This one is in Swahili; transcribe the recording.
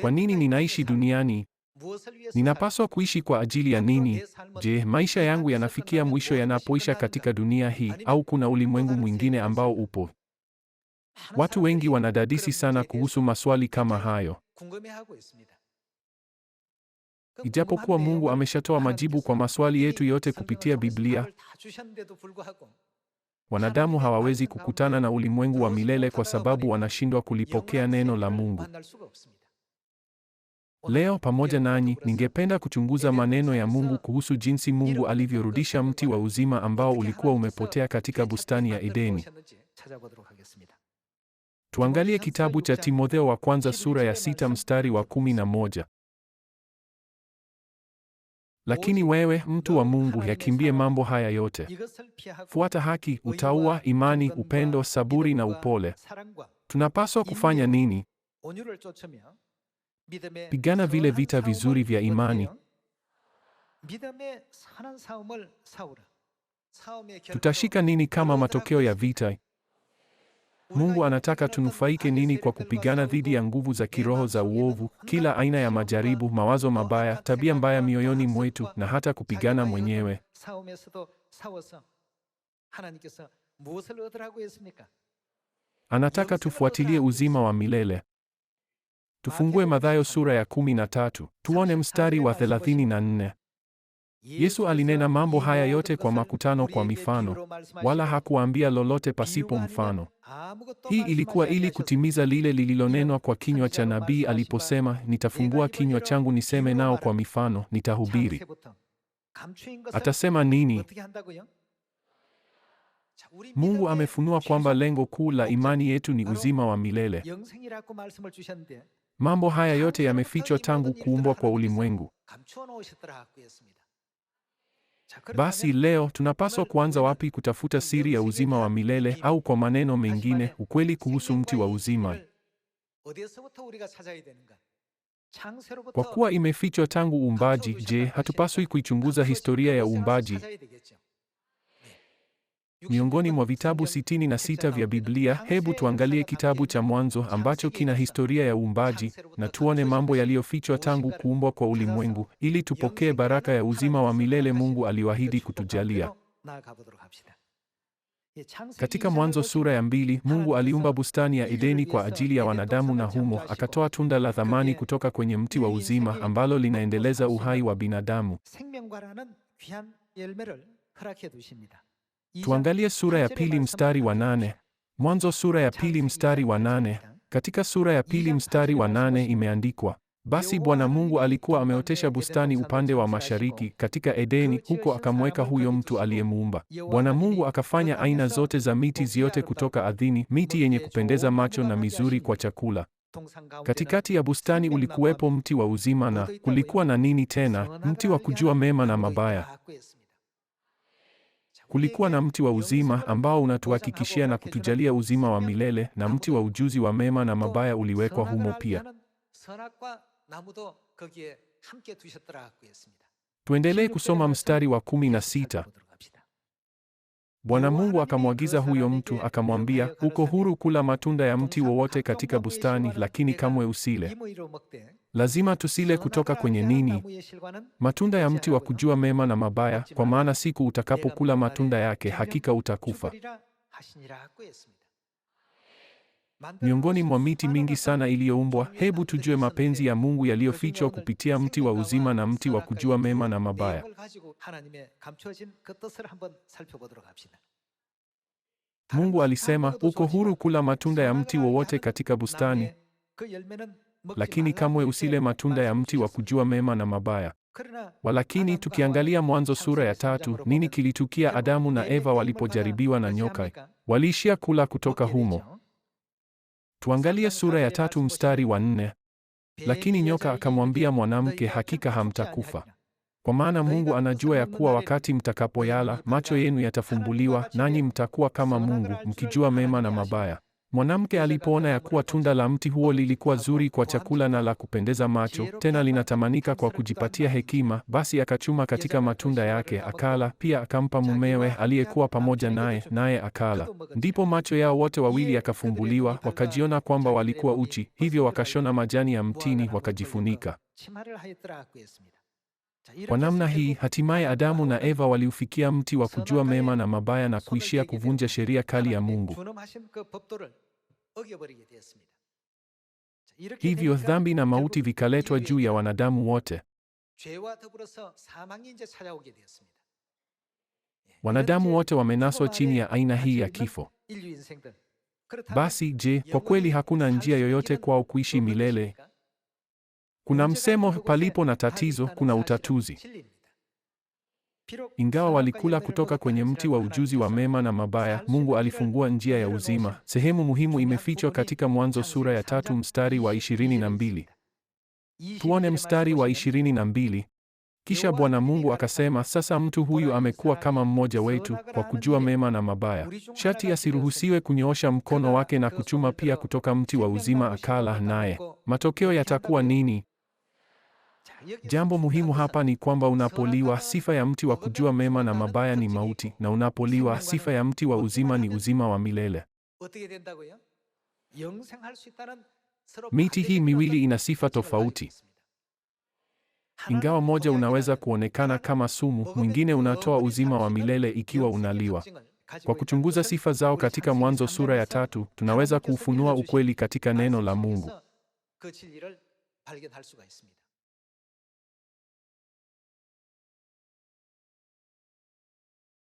Kwa nini ninaishi duniani? Ninapaswa kuishi kwa ajili ya nini? Je, maisha yangu yanafikia mwisho yanapoisha katika dunia hii yaani au kuna ulimwengu mwingine ambao yaani upo? Watu wengi wanadadisi sana kuhusu maswali kama hayo. Ijapokuwa Mungu ameshatoa majibu kwa maswali yetu yote kupitia Biblia, wanadamu hawawezi kukutana na ulimwengu wa milele kwa sababu wanashindwa kulipokea neno la Mungu. Leo pamoja nanyi ningependa kuchunguza maneno ya Mungu kuhusu jinsi Mungu alivyorudisha mti wa uzima ambao ulikuwa umepotea katika bustani ya Edeni. Tuangalie kitabu cha Timotheo wa kwanza sura ya sita mstari wa kumi na moja. Lakini wewe mtu wa Mungu, yakimbie mambo haya yote. Fuata haki, utaua imani, upendo, saburi na upole. Tunapaswa kufanya nini? Pigana vile vita vizuri vya imani. Tutashika nini kama matokeo ya vita? Mungu anataka tunufaike nini kwa kupigana dhidi ya nguvu za kiroho za uovu, kila aina ya majaribu, mawazo mabaya, tabia mbaya mioyoni mwetu na hata kupigana mwenyewe? Anataka tufuatilie uzima wa milele. Tufungue Mathayo sura ya kumi na tatu tuone mstari wa thelathini na nne. Yesu alinena mambo haya yote kwa makutano kwa mifano, wala hakuambia lolote pasipo mfano. Hii ilikuwa ili kutimiza lile lililonenwa kwa kinywa cha nabii aliposema, nitafungua kinywa changu niseme nao kwa mifano, nitahubiri. Atasema nini? Mungu amefunua kwamba lengo kuu la imani yetu ni uzima wa milele. Mambo haya yote yamefichwa tangu kuumbwa kwa ulimwengu. Basi leo tunapaswa kuanza wapi kutafuta siri ya uzima wa milele au kwa maneno mengine, ukweli kuhusu mti wa uzima? Kwa kuwa imefichwa tangu uumbaji, je, hatupaswi kuichunguza historia ya uumbaji? Miongoni mwa vitabu sitini na sita vya Biblia, hebu tuangalie kitabu cha Mwanzo ambacho kina historia ya uumbaji na tuone mambo yaliyofichwa tangu kuumbwa kwa ulimwengu ili tupokee baraka ya uzima wa milele Mungu aliwaahidi kutujalia. Katika Mwanzo sura ya mbili, Mungu aliumba bustani ya Edeni kwa ajili ya wanadamu na humo akatoa tunda la thamani kutoka kwenye mti wa uzima ambalo linaendeleza uhai wa binadamu. Tuangalie sura ya pili mstari wa nane. Mwanzo sura ya pili mstari wa nane. Katika sura ya pili mstari wa nane imeandikwa, basi Bwana Mungu alikuwa ameotesha bustani upande wa mashariki katika Edeni, huko akamweka huyo mtu aliyemuumba. Bwana Mungu akafanya aina zote za miti ziote kutoka ardhini, miti yenye kupendeza macho na mizuri kwa chakula. Katikati ya bustani ulikuwepo mti wa uzima, na kulikuwa na nini tena? Mti wa kujua mema na mabaya. Kulikuwa na mti wa uzima ambao unatuhakikishia na kutujalia uzima wa milele, na mti wa ujuzi wa mema na mabaya uliwekwa humo pia. Tuendelee kusoma mstari wa kumi na sita. Bwana Mungu akamwagiza huyo mtu akamwambia, uko huru kula matunda ya mti wowote katika bustani, lakini kamwe usile. Lazima tusile kutoka kwenye nini? Matunda ya mti wa kujua mema na mabaya, kwa maana siku utakapokula matunda yake hakika utakufa. Miongoni mwa miti mingi sana iliyoumbwa, hebu tujue mapenzi ya Mungu yaliyofichwa kupitia mti wa uzima na mti wa kujua mema na mabaya. Mungu alisema, uko huru kula matunda ya mti wowote katika bustani, lakini kamwe usile matunda ya mti wa kujua mema na mabaya. Walakini tukiangalia Mwanzo sura ya tatu, nini kilitukia Adamu na Eva walipojaribiwa na nyoka? Waliishia kula kutoka humo. Tuangalie sura ya tatu mstari wa nne. Lakini nyoka akamwambia mwanamke, hakika hamtakufa, kwa maana Mungu anajua ya kuwa wakati mtakapoyala, macho yenu yatafumbuliwa, nanyi mtakuwa kama Mungu, mkijua mema na mabaya. Mwanamke alipoona ya kuwa tunda la mti huo lilikuwa zuri kwa chakula na la kupendeza macho, tena linatamanika kwa kujipatia hekima, basi akachuma katika matunda yake akala, pia akampa mumewe aliyekuwa pamoja naye, naye akala. Ndipo macho yao wote wawili yakafumbuliwa, wakajiona kwamba walikuwa uchi, hivyo wakashona majani ya mtini wakajifunika. Kwa namna hii hatimaye Adamu na Eva waliufikia mti wa kujua mema na mabaya na kuishia kuvunja sheria kali ya Mungu. Hivyo dhambi na mauti vikaletwa juu ya wanadamu wote. Wanadamu wote wamenaswa chini ya aina hii ya kifo. Basi je, kwa kweli hakuna njia yoyote kwao kuishi milele? Kuna msemo, palipo na tatizo kuna utatuzi. Ingawa walikula kutoka kwenye mti wa ujuzi wa mema na mabaya, Mungu alifungua njia ya uzima. Sehemu muhimu imefichwa katika Mwanzo sura ya tatu mstari wa ishirini na mbili. Tuone mstari wa ishirini na mbili. Kisha Bwana Mungu akasema, sasa mtu huyu amekuwa kama mmoja wetu kwa kujua mema na mabaya, shati asiruhusiwe kunyoosha mkono wake na kuchuma pia kutoka mti wa uzima akala naye, matokeo yatakuwa nini? Jambo muhimu hapa ni kwamba unapoliwa sifa ya mti wa kujua mema na mabaya ni mauti, na unapoliwa sifa ya mti wa uzima ni uzima wa milele. Miti hii miwili ina sifa tofauti. Ingawa moja unaweza kuonekana kama sumu, mwingine unatoa uzima wa milele ikiwa unaliwa. Kwa kuchunguza sifa zao katika Mwanzo sura ya tatu, tunaweza kuufunua ukweli katika neno la Mungu.